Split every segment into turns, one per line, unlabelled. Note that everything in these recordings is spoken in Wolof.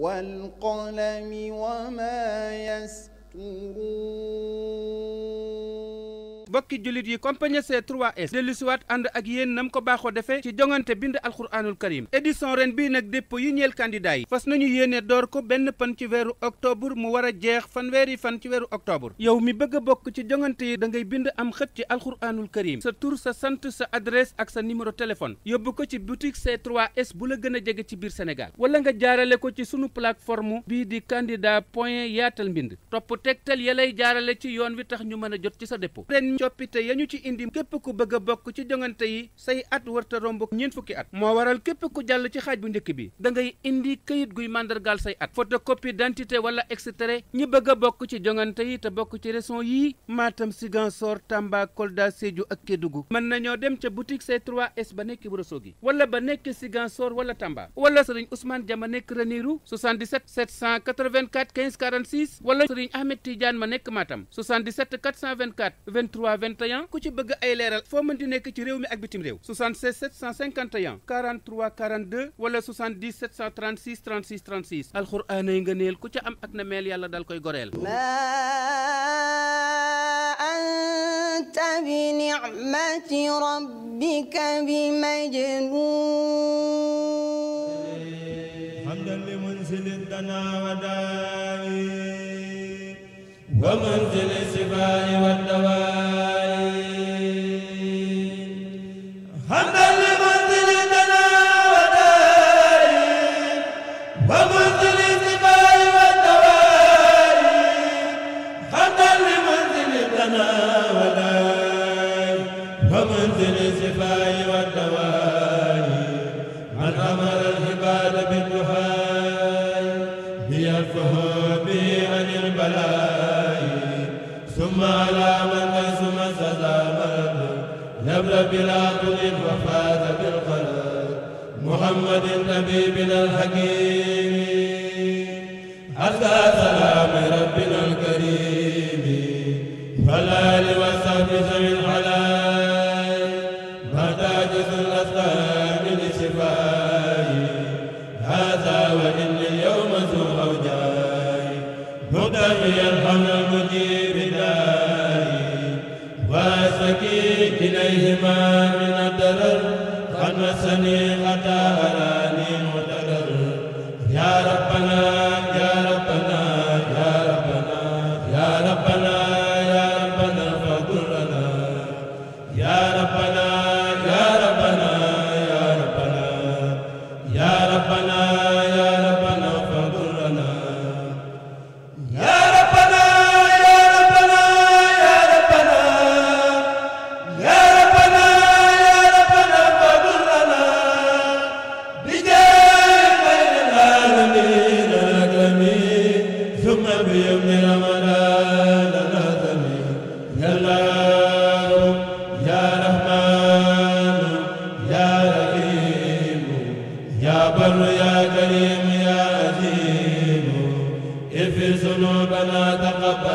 والقلم وما يسطرون
bokki jullit yi compagne C3S dellu ànd ak yéen nam ko baaxoo defee ci jongante bind alxuraanul karim édition ren bii nag dépôt yi ñeel candidat yi fas nañu yéene door ko benn pan ci weeru octobre mu war a jeex fanweeri fan ci weeru octobre yow mi bëgg a bokk ci jongante yi da ngay bind am xët ci alxuraanul karim sa tur sa sant sa adresse ak sa numéro téléphone yóbbu ko ci boutique C3S bu la gën a jege ci biir Sénégal wala nga jaarale ko ci suñu plateforme bii di candidat point yaatal mbind topp tegtal ya lay jaarale ci yoon wi tax ñu mën a jot ci sa dépôt coppite ya ñu ci indi képp ku bëgg a bokk ci jongante yi say at warta romb ñeent fukki at moo waral képp ku jàll ci xaaj bu njëkk bi da ngay indi kayit guy màndargaal say at photocopie d'identité wala et cetera ñi bëgg a bokk ci jongante yi te bokk ci régions yii Matam Ziguinchor Tamba Kolda Sédhiou ak Kédougou mën nañoo dem ca boutique C3S ba nekk Ourossogui wala ba nekk Ziguinchor wala Tamba wala sëriñ Ousmane Dia ma nekk Ranérou 77 784 15 46 wala sëriñ Ahmed Tidiane ma nekk Matam 77 424 23 23 21 ku ci bëgg ay leeral foo mën di nekk ci réew mi ak bitim réew 76 751 43 42 wala 70 736 36 36 alxuraan ay nga neel ku ca am ak na meel yàlla dal koy goreel
anta bi ni'mati rabbika bi majnun hamdan li munzili dana wa da'i wa munzili نبل بلا طول وفاز بالقلب محمد طبيبنا الحكيم حتى سلام ربنا الكريم فالآل والصحب سوي الحلال فتاجس الأسلام لشفائي هذا وإن اليوم ذو أوجاي هدى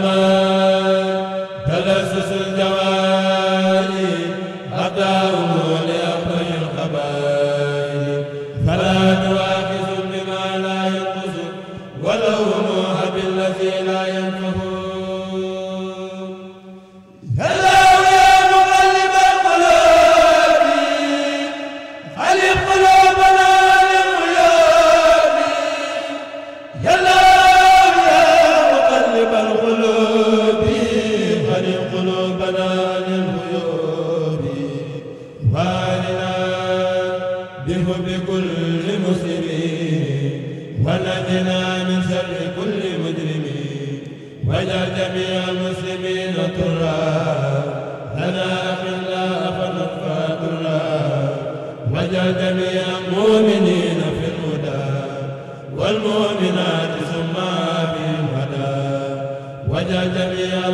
ma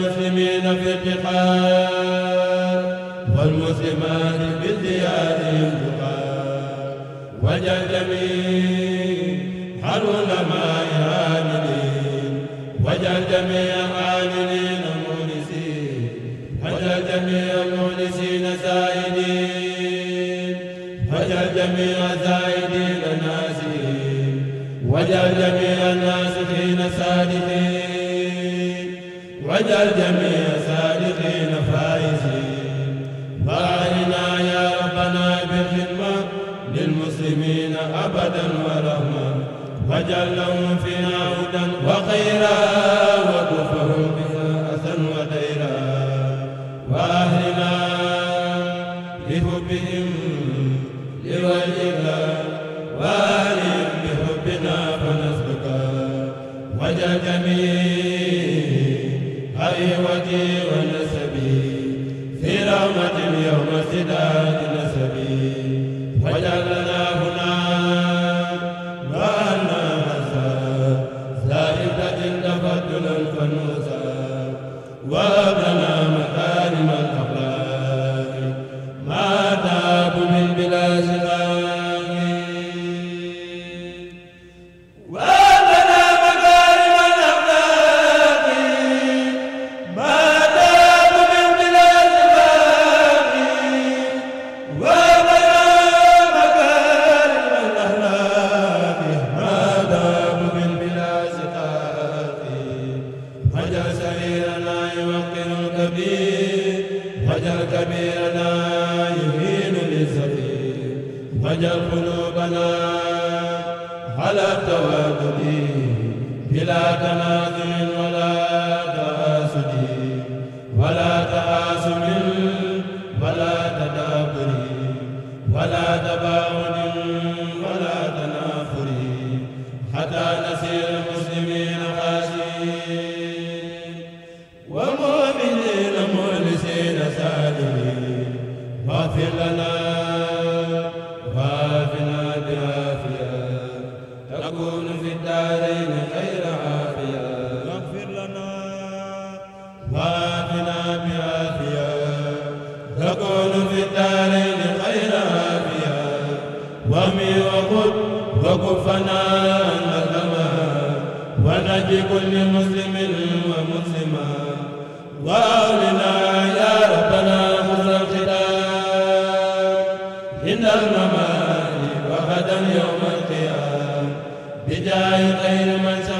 والمسلمين في البحار والمسلمات بديارهم بقار وجل جميع العلماء عاملين وجل جميع عاملين مونسين وجل جميع مونسين زايدين وجل جميع زايدين ناسين وجل جميع الناسخين سالكين abadan wa rahma wajal lahum fiihaa hudan wa khayran واجعل قلوبنا على تواضع بلا تنازع ولا تعاسد ولا تعاصم ولا تدابر ولا تباعد ولا تنافر حتى نسير المسلمين خاشعين بكل مسلم ومسلمة وأولنا يا ربنا حسن الختام عند الممات وغدا يوم القيامة بجاه خير من شاء